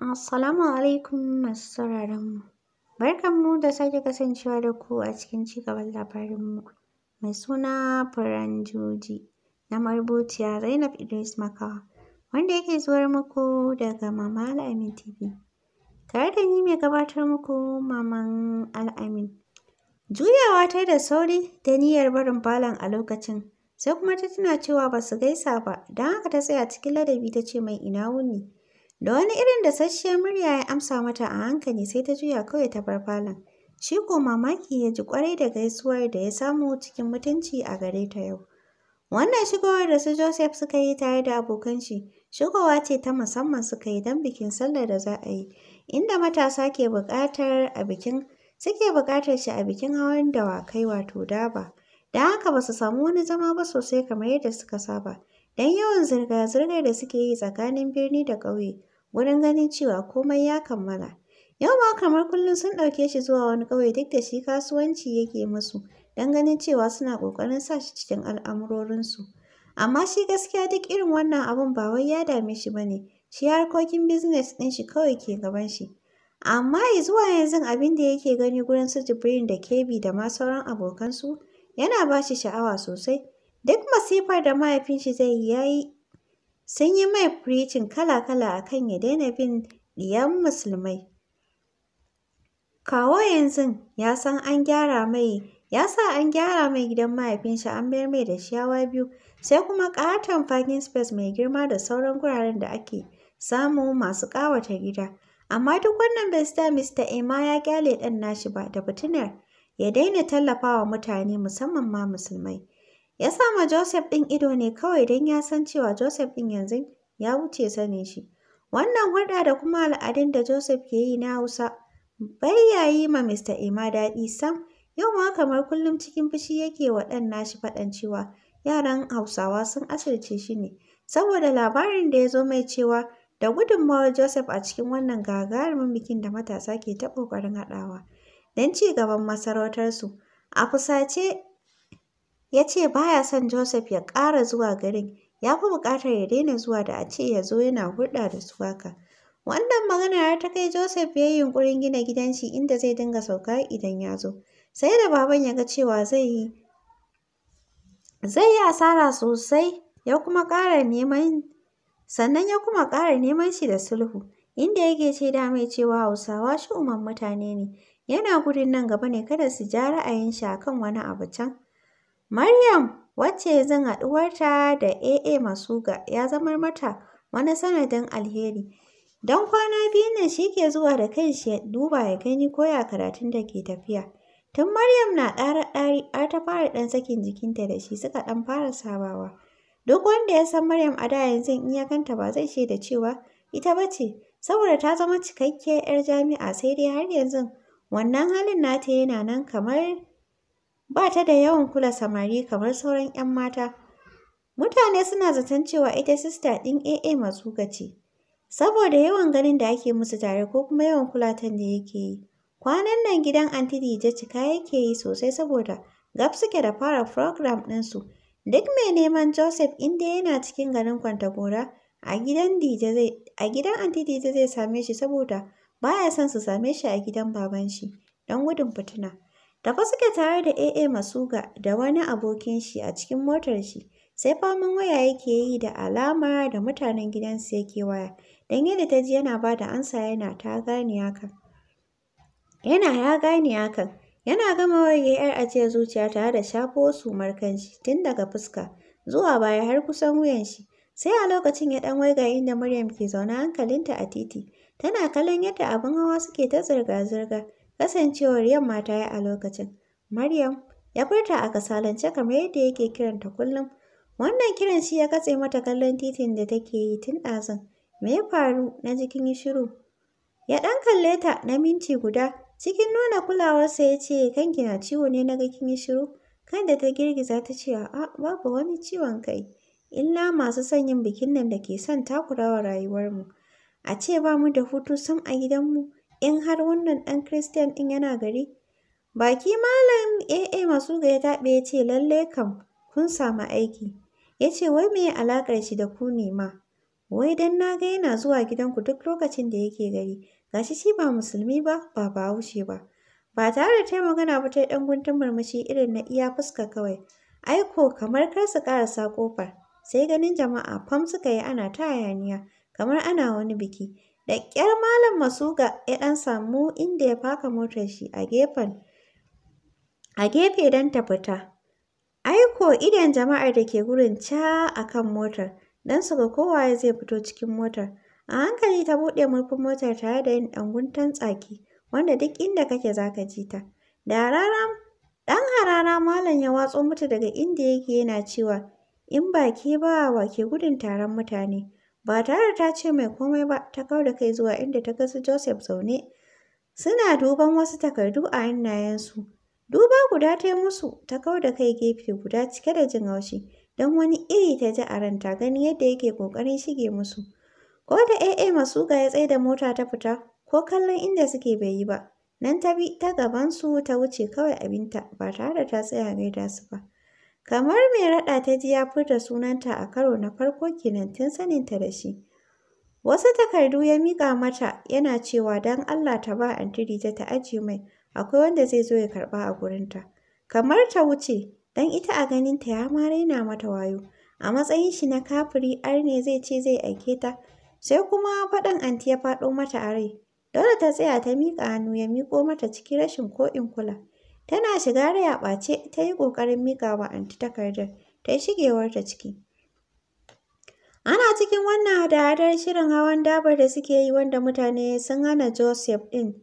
Assalamu alaikum masu sauraronmu. Barkanmu da sake kasancewa da ku a cikin cigaban labarinmu. Mai suna Furanjoji na marubuciya Zainab Idris Makawa, wanda yake zuwar muku daga Mama Al'amin TV. Tare da ni mai gabatar muku Maman Al'amin. Juyawa ta da sauri da niyyar barin falon a lokacin, sai kuma ta tuna cewa ba su gaisa ba, don haka ta tsaya cikin ladabi ta ce mai ina wuni. Da wani irin da sashiyar murya ya amsa mata a hankali sai ta juya kawai ta bar falon. Shi ko mamaki ya ji kwarai da gaisuwar da ya samu cikin mutunci a gare ta yau. Wannan shigowar da su Joseph suka yi tare da abokan shi, shigowa ce ta musamman suka yi don bikin sallar da za a yi, inda matasa ke buƙatar a bikin suke buƙatar shi a bikin hawan dawakai wato daba. Don haka ba su samu wani zama ba sosai kamar yadda suka saba. Dan yawan zirga-zirgar da suke yi tsakanin birni da ƙauye wurin ganin cewa komai ya kammala. Yau ma kamar kullum sun ɗauke shi zuwa wani ƙauye duk da shi kasuwanci yake musu don ganin cewa suna ƙoƙarin sa shi cikin al'amurorinsu. Amma shi gaskiya duk irin wannan abun ba wai ya dame shi ba ne, shi harkokin bizines ɗin shi kawai ke gaban shi. Amma zuwa yanzu abin da yake gani gurin su Jibrin da kebi da ma sauran abokansu yana ba shi sha'awa sosai. Duk masifar da mahaifin shi zai yi ya sun yi mai firicin kala-kala a kan ya daina bin ɗiyan musulmai. Kawo yanzu ya san an gyara mai ya sa an gyara mai gidan mahaifin an bayar mai da shawa biyu sai kuma ƙaton parking space mai girma da sauran guraren da ake samu masu ƙawata gida. Amma duk wannan bai sa mista Emma ya gyale ɗan nashi ba da fitinar ya daina tallafawa mutane musamman ma musulmai. Ya sama Joseph ɗin ido ne kawai don ya san cewa Joseph ɗin yanzu ya wuce sanin shi. Wannan hulɗa da kuma al'adun da Joseph ke yi na Hausa bai ya yi ma Mr. Emma daɗi sam. Yau ma kamar kullum cikin fushi yake wa ɗan nashi faɗan cewa yaran Hausawa sun asirce shi ne saboda labarin da ya zo mai cewa da gudunmawar Joseph a cikin wannan gagarumin bikin da matasa ke ta ƙoƙarin haɗawa don ci gaban masarautarsu. A fusace Ya ce ba ya son Joseph ya ƙara zuwa garin, ya fi buƙatar ya daina zuwa da a ce ya zo yana hulɗa da su haka. Wannan magana ya ta kai Joseph ya yi yunƙurin gina gidan shi inda zai dinga sauka idan ya zo. Sai da baban ya ga cewa zai yi zai yi asara sosai ya kuma ƙara neman sannan ya kuma ƙara neman shi da sulhu inda yake ce da mai cewa Hausawa shi umman mutane ne yana gudun nan gaba ne kada su ja ra'ayin shi akan wani abu can Maryam, wacce yanzu haɗuwarta da AA Masuga ya zama mata wani sanadin alheri, don kwana biyun nan shi ke zuwa da kanshi ya duba ya gani ko ya karatun da ke tafiya. Tun Maryam na ɗara ɗari har ta fara ɗan sakin jikinta da shi suka ɗan fara sabawa. Duk wanda ya san Maryam a da yanzu in ya ganta ba zai shaida cewa ita ba ce, saboda ta zama cikakkiyar 'yar jami'a sai dai har yanzu wannan halin nata yana nan kamar Ba ta da yawan kula samari kamar sauran 'yan mata. Mutane suna zaton cewa ita sista ɗin AA masu ce, saboda yawan ganin da ake musu tare ko kuma yawan kulatan da yake yi. Kwanan nan gidan Anti dija cika yake yi sosai saboda gab suke da fara program ɗinsu. Duk mai neman Joseph inda yana cikin garin Kwantagora, a gidan Anti dija zai same shi saboda baya son su same shi a gidan baban shi, don gudun fitina. Tafe suke tare da AA Masuga da wani abokin shi a cikin motar shi, sai faman waya yake yi da alama da mutanen gidan su yake waya, dan yadda ta ji yana ba da amsa yana ta gane hakan. Yana ya gane hakan. Yana gama waye ‘yar ajiyar zuciya tare da shafo su markan shi tun daga fuska zuwa baya har kusan wuyan shi. Sai a lokacin ya ɗan waiga inda Maryam ke zaune hankalinta a titi, tana kallon yadda abin hawa suke ta zirga-zirga. kasancewar yamma ta yi a lokacin. Maryam ya furta a kasalance kamar yadda yake kiranta kullum. Wannan kiran shi ya katse mata kallon titin da take yi tun ɗazun. Me ya faru? Na jikin shiru. Ya ɗan kalle ta na minti guda. Cikin nuna kulawarsa ya ce, kanki na ciwo ne na ga kin yi shiru. Kan da ta girgiza ta ce, a'a babu wani ciwon kai. Illa masu son yin bikin nan da ke son takurawa rayuwarmu. A ce ba mu da hutu sam a gidanmu. in har wannan ɗan Kiristiyan ɗin yana gari? Baki Malam AA masu ga ya taɓe ya ce lallai kam kun samu aiki. Ya ce wai me alaƙar shi da ku ne ma? Wai dan na ga yana zuwa gidanku duk lokacin da yake gari. Gashi shi ba musulmi ba, ba bahaushe ba. Ba tare da ta magana ba ta yi ɗan guntun murmushi irin na iya fuska kawai. Aiko kamar kar su ƙarasa ƙofar. Sai ganin jama'a fam suka yi ana ta hayaniya kamar ana wani biki. Da ƙyar Malam Masuga ya ɗan samu inda ya faka motar shi a gefen a gefe don ta fita. Aiko idan jama'ar da ke gurin ca a kan motar don su ga kowaye zai fito cikin motar. A hankali ta buɗe murfin motar tare da yin ɗan guntun tsaki wanda duk inda kake za ka ji ta. Da rara ɗan harara Malam ya watso mata daga inda yake yana cewa in ba ke ba wa ke gudun taron mutane. Ba tare da ta ce mai komai ba, ta kau da kai zuwa inda ta kasu Joseph zaune. Suna duban wasu takardu a hannayensu. Duba guda ta yi musu, ta kau da kai gefe guda cike da jin haushi, don wani iri ta ji a ranta gani yadda yake ƙoƙarin shige musu. Ko da AA Masuga ya tsaye da mota ta fita, ko kallon inda suke bai yi ba. Nan ta bi ta gabansu ta wuce kawai abinta ba tare da ta tsaya gaida su ba. Kamar mai raɗa ta ji ya furta sunanta a karo na farko kenan tun saninta da shi. Wasu takardu ya miƙa mata yana cewa don Allah ta ba Anti Rita ta aje mai akwai wanda zai zo ya karɓa a gurinta. Kamar ta wuce don ita a ganinta ya ma raina mata wayo. A matsayin shi na kafiri ne zai ce zai aike ta sai kuma faɗan anti ya faɗo mata a rai. Dole ta tsaya ta miƙa hannu ya miƙo mata cikin rashin ko in kula. Tana shiga raya ɓace ta yi ƙoƙarin miƙa wa anti takardar ta yi ta ciki. Ana cikin wannan hada-hadar shirin hawan dabar da suke yi wanda mutane sun hana Joseph ɗin.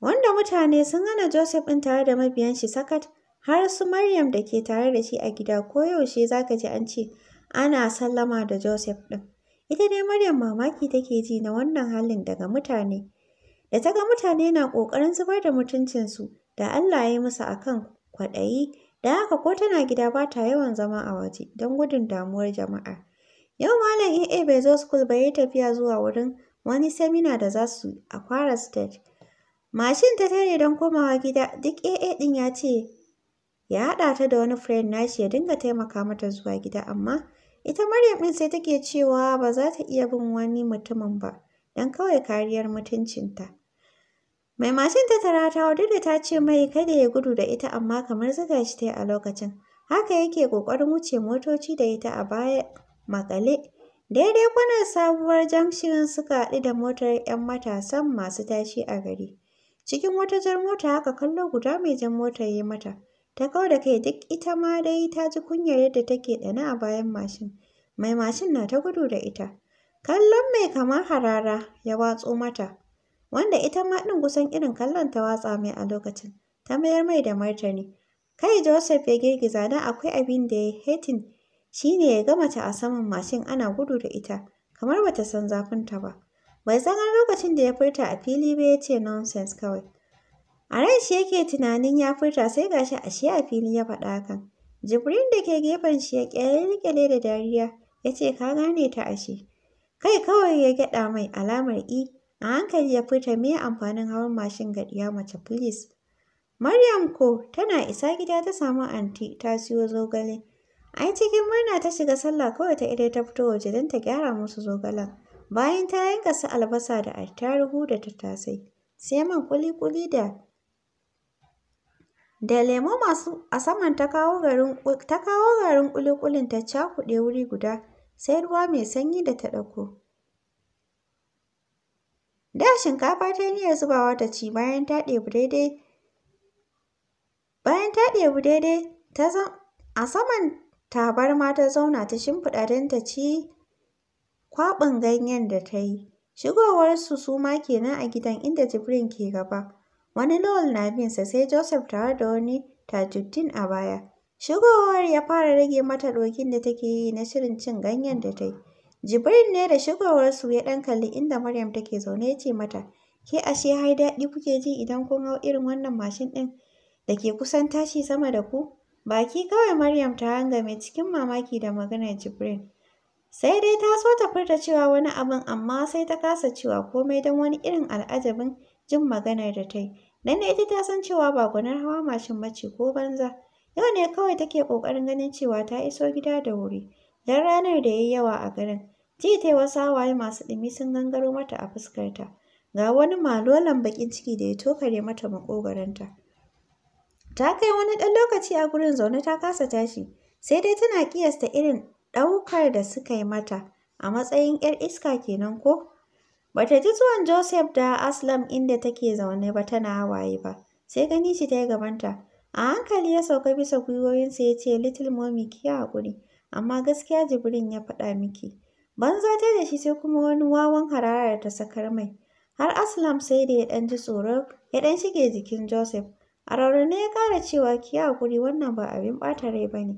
Wanda mutane sun hana Joseph ɗin tare da mabiyan shi sakat har su Maryam da ke tare da shi a gida koyaushe za ka ji an ce ana sallama da Joseph ɗin. Ita dai Maryam mamaki take ji na wannan halin daga mutane. Da ta ga mutane na ƙoƙarin zubar da mutuncinsu da Allah ya yi musu a kan kwaɗayi, da haka ko tana gida ba ta yawan zama a waje don gudun damuwar jama'a. Yau Malam AA e bai zo school ba yi tafiya zuwa wurin wani semina da za su a Kwara State. Mashin ta tare don komawa gida duk AA e ɗin ya ce ya haɗa ta da wani friend nashi ya dinga taimaka mata zuwa gida amma ita Maryam ɗin sai take cewa ba za ta iya bin wani mutumin ba don kawai kariyar mutuncinta. Mai mashin ta tara ta duk da ta ce mai kada ya gudu da ita amma kamar zuga shi ta yi a lokacin. Haka yake ƙoƙarin wuce motoci da ita a baya makale. Daidai kwanan sabuwar jamshin suka haɗu da motar 'yan matasan masu tashi a gari. Cikin wata jar mota haka kallo guda mai jan motar ya mata. Ta kau da kai duk ita ma dai ta ji kunyar yadda take ɗana a bayan mashin. Mai mashin na ta gudu da ita. Kallon mai kamar harara ya watso mata. wanda ita ma ɗin kusan irin kallon ta watsa mai a lokacin, ta mayar mai da martani. Kai Joseph ya girgiza na akwai abin da ya hatin shi ne ya ga mace a saman mashin ana gudu da ita, kamar bata san zafin ta ba. Bai san lokacin da ya furta a fili ba ya ce nonsense kawai. A ran shi yake tunanin ya furta sai gashi ashe a fili ya faɗa hakan. Jibrin da ke gefen shi ya ƙyale da dariya ya ce ka gane ta ashe. Kai kawai ya gyaɗa mai alamar i e A hankali ya furta me amfanin hawan mashin ga mace please. Maryam ko tana isa gida ta samu anti ta siyo zogale. Ai cikin murna ta shiga sallah kawai ta idai ta fito waje don ta gyara musu zogalen. Bayan ta yanka su albasa da ruhu da tattasai. Sai man kuli-kuli da da lemo masu a saman ta kawo garin ta kawo garin kuli ta cakuɗe wuri guda sai ruwa mai sanyi da ta ɗauko. Da shinkafa ta yi niyyar zubawa ta ci bayan ta ɗebi daidai. Bayan ta ɗebi daidai, ta a saman tabarma ta zauna ta shimfiɗa don ta ci kwaɓin ganyen da ta yi. Shigowarsu su ma kenan a gidan inda Jibrin ke gaba. Wani Lowell na binsa sai Joseph tare da wani Tajuddin a baya. Shigowar ya fara rage mata ɗokin da take yi na shirin cin ganyen da ta yi. Jibrin ne da shigowarsu ya ɗan kalli inda Maryam take zaune ya ce mata, Ke ashe har daɗi kuke ji idan kun hau irin wannan mashin ɗin da ke kusan tashi sama da ku? Baki kawai Maryam ta hangame cikin mamaki da maganar Jibrin. Sai dai ta so ta furta cewa wani abin amma sai ta kasa cewa komai don wani irin al'ajabin jin maganar da ta yi. Dan ita ta san cewa ba gwanar hawa mashin ba ko banza. Yau ne kawai take ƙoƙarin ganin cewa ta iso gida da wuri. don ranar da ya yi yawa a garin. Ji tai wasu hawaye masu ɗumi sun gangaro mata a fuskarta. Ga wani malolan baƙin ciki da ya tokare mata maƙogwaronta. Ta kai wani ɗan lokaci a gurin zaune ta kasa tashi, sai dai tana ƙiyasta irin ɗaukar da suka yi mata a matsayin 'yar iska kenan ko? Bata ji zuwan Joseph da Aslam inda take zaune ba tana hawaye ba, sai gani shi ta yi gabanta. A hankali ya sauka bisa gwiwoyinsa ya ce, Little mommy ki haƙuri. amma gaskiya jibrin ya faɗa miki banza ta da shi sai kuma wani wawan harara da ta sakar mai har aslam sai da ya ɗan ji tsoro ya ɗan shige jikin joseph a raunane ya ƙara cewa ki hakuri wannan ba abin ɓata rai ba ne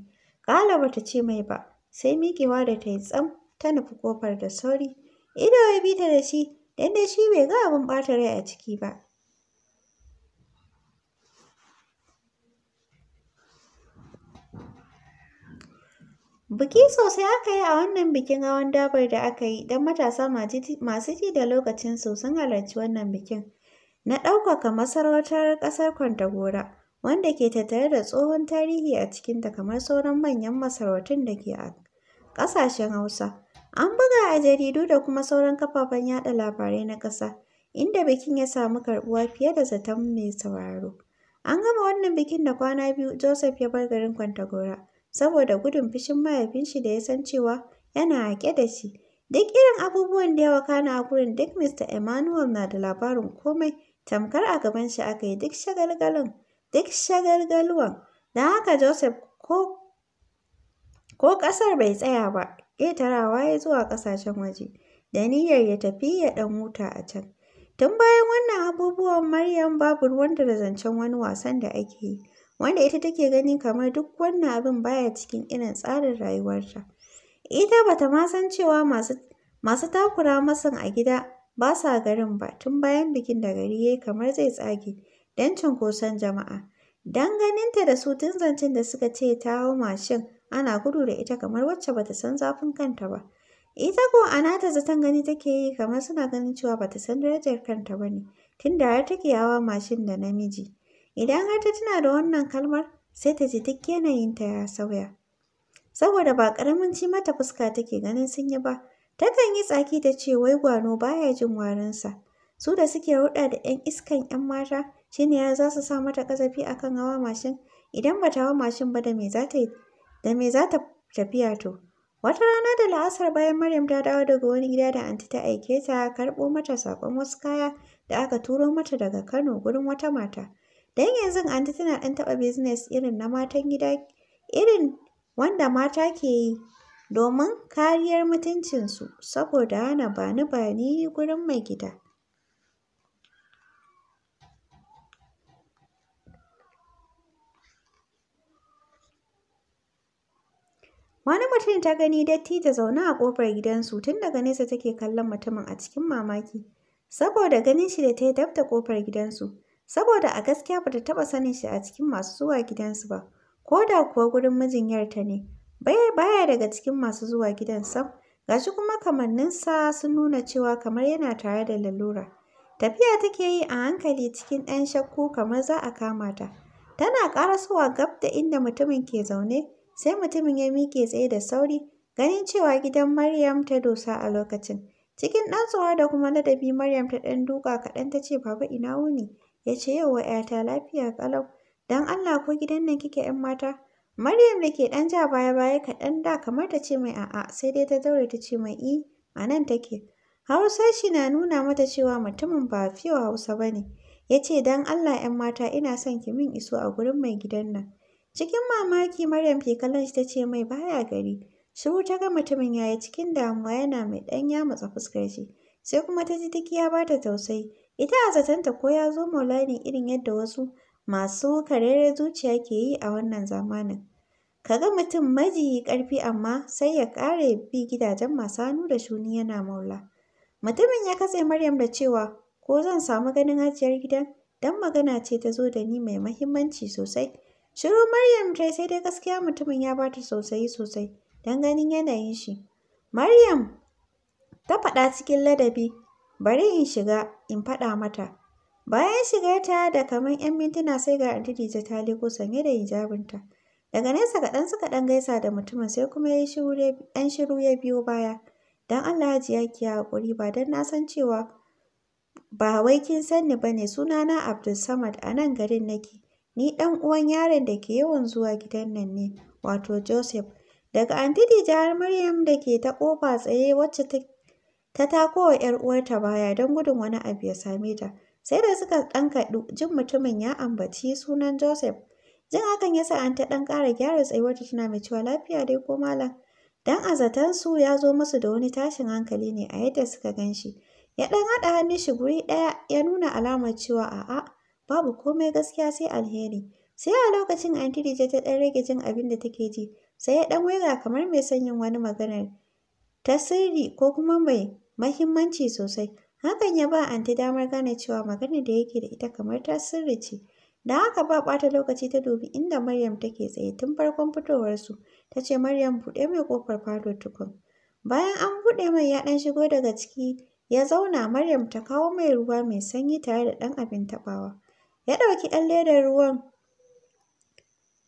ƙala bata ce mai ba sai miƙewa da ta yi tsam ta nufi kofar da sauri ido ya bi ta da shi dan dai shi bai ga abin ɓata rai a ciki ba Biki sosai aka yi a wannan bikin hawan dabar da aka yi don matasa masu ji da lokacinsu sun halarci wannan bikin na ɗaukaka masarautar ƙasar Kwantagora, wanda ke tattare da tsohon tarihi a cikinta kamar sauran manyan masarautun da ke a ƙasashen Hausa. An buga a jaridu da kuma sauran kafafen yaɗa labarai na ƙasa, inda bikin ya samu karɓuwa fiye da zaton mai sauraro. An gama wannan bikin da kwana biyu Joseph ya bar garin Kwantagora. saboda gudun fushin shi da ya san cewa yana haƙe da shi. Duk irin abubuwan da ya wakana a gurin duk Mr. Emmanuel na da labarin komai, tamkar a gaban shi aka yi duk shagalgalin, duk shagalgaluwan. Don haka Joseph ko ko ƙasar bai tsaya ba, ƙetarawa ya zuwa ƙasashen waje, da niyyar ya tafi ya ɗan huta a can. Tun bayan wannan abubuwan Maryam babu ruwanta da zancen wani wasan da ake yi. wanda ita take gani kamar duk wannan abin baya cikin irin tsarin rayuwarta. Ita bata ma san cewa masu takura masan a gida ba sa garin ba tun bayan bikin da gari yayi kamar zai tsage don cunkoson jama'a. Don ganinta da su tun zancen da suka ce ta hau mashin ana gudu da ita kamar wacce bata san zafin kanta ba. Ita ko a nata zaton gani take yi kamar suna ganin cewa bata san darajar kanta ba ne, tunda har take hawa mashin da namiji. Idan har ta tuna da wannan kalmar, sai ta ji duk yanayin ta ya sauya. Saboda ba ƙaramin ci mata fuska take ganin sun yi ba, takan yi tsaki ta ce wai gwano baya jin warinsa. Su da suke huɗa da 'yan iskan 'yan mata, shi ne ya za su sa mata ƙazafi a kan hawa mashin, idan ba ta hawa mashin ba da me za ta da me za ta tafiya to. Wata rana da la'asar bayan Maryam ta dawo daga wani gida da anti ta aike ta ya karɓo mata saƙon wasu kaya da aka turo mata daga Kano gurin wata mata. dan yanzu anti tana ɗan taɓa business irin na matan gida irin wanda mata ke yi domin kariyar mutuncinsu saboda hana bani-bani gurin mai gida. Wani mutum ta gani datti ta zaune a ƙofar gidansu tun daga nesa take kallon mutumin a cikin mamaki saboda ganin shi da ta yi dab da ƙofar gidansu. saboda a gaskiya bata taɓa sanin shi a cikin masu zuwa gidansu ba, ko da kuwa gurin mijin yarta ne, baya daga cikin masu zuwa gidan sam, gashi kuma kamanninsa sun nuna cewa kamar yana tare da lalura. Tafiya take yi a hankali cikin ɗan shakku kamar za a kama ta. Tana ƙarasowa gab da inda mutumin ke zaune, sai mutumin ya miƙe tsaye da sauri, ganin cewa gidan Maryam ta dosa a lokacin. Cikin ɗan tsoro da kuma ladabi Maryam ta ɗan duka kaɗan ta ce, Baba ina wuni? ya ce wa ‘yata lafiya ƙalau, don Allah ko gidan nan kike ‘yan mata? Maryam da ke ɗan ja baya-baya kaɗan da kamar ta ce mai a'a sai dai ta daure ta ce mai i eh, a nan take. Hausa shi na nuna mata cewa mutumin ba fiye Hausa ba ne. Ya ce don Allah ‘yan mata ina son ki min iso a gurin mai gidan nan. Cikin mamaki Maryam ke kallon shi ta ce mai baya gari. Shiru ta ga mutumin ya yi cikin damuwa yana mai ɗan matsa fuskar shi. Sai kuma ta ji duk ya ba ta tausayi. Ita a satanta ko ya zo Maulani irin yadda wasu masu karere zuciya ke yi a wannan zamanin. Ka ga mutum majiyi ƙarfi amma sai ya ƙare bi gidajen masu hannu da shuni yana maula. Mutumin ya katse Maryam da cewa, ko zan samu ganin ajiyar gidan? don magana ce ta zo da ni mai mahimmanci sosai. Shiru Maryam ta sai dai gaskiya mutumin ya bata sosai sosai don ganin yanayin shi. Maryam ta faɗa cikin ladabi bari in shiga in faɗa mata. Bayan shigarta da kamar 'yan mintuna sai ga Aunty Dije ta leko sanye da hijabinta. Daga nesa kaɗan suka ɗan gaisa da mutumin sai kuma ya yi ɗan shiru ya biyo baya. Don Allah hajiya ki haƙuri ba don na san cewa ba wai kin san ni ba ne abdul samad a nan garin nake. Ni ɗan uwan yaron da ke yawan zuwa gidan nan ne wato Joseph. Daga Aunty Dije har Maryam da ke ta ƙofa tsaye wacce ta Ta tako wa 'yar uwarta baya don gudun wani abu ya same ta. Sai da suka ɗan kaɗu jin mutumin ya ambaci sunan Joseph. Jin hakan ya sa an ta ɗan ƙara gyara tsayuwarta tana mai cewa lafiya dai ko malam. Dan a su ya zo musu da wani tashin hankali ne a yadda suka gan shi. Ya ɗan haɗa hannun shi guri ɗaya ya nuna alamar cewa a'a babu komai gaskiya sai alheri. Sai a lokacin anti Dije ta ɗan rage jin abin da take ji sai ya ɗan waiga kamar mai son yin wani maganar ta sirri ko kuma mai mahimmanci sosai. Hakan ya ba anti damar gane cewa maganar da yake da ita kamar ta sirri ce. Da haka ba ɓata lokaci ta dubi inda Maryam take tsaye tun farkon fitowarsu. Ta ce Maryam buɗe mai kofar falo tukun. Bayan an buɗe mai ya ɗan shigo daga ciki ya zauna Maryam ta kawo mai ruwa mai sanyi tare da ɗan abin taɓawa. Ya ɗauki ɗan ledar ruwan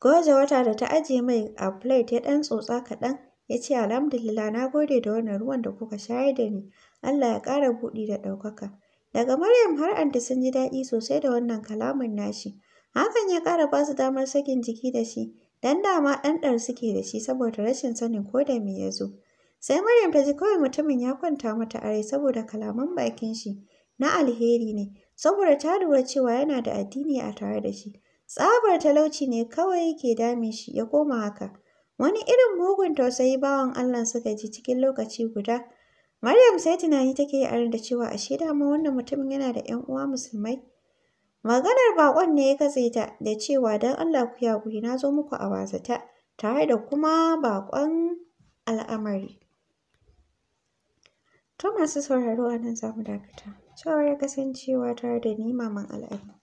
goje wata da ta ajiye mai a plate ya ɗan tsotsa kaɗan ya ce, Alhamdulillah na gode da wannan ruwan da kuka shayar da ni, Allah ya ƙara buɗi da ɗaukaka. Daga Maryam har Anta sun ji daɗi sosai da wannan kalamin nashi. Hakan ya ƙara ba su damar sakin jiki da shi, dan dama ɗanɗar suke da shi saboda rashin sanin ko da me ya zo. Sai Maryam ta ji kawai mutumin ya kwanta mata a rai saboda kalaman bakin shi na alheri ne, saboda ta lura cewa yana da addini a tare da shi. Tsabar talauci ne kawai ke dame shi ya koma haka. Wani irin mugun tausayi bawan Allah suka ji cikin lokaci guda. Maryam sai tunani take yi da cewa ashe dama wannan mutumin yana da ‘yan uwa musulmai. Maganar baƙon ne ya katse ta da cewa dan Allah ku ya guri na zo muku a wazata tare da kuma baƙon al'amari. To masu sauraro a nan za mu dakata. Cewar kasancewa tare da ni Maman Al'adu.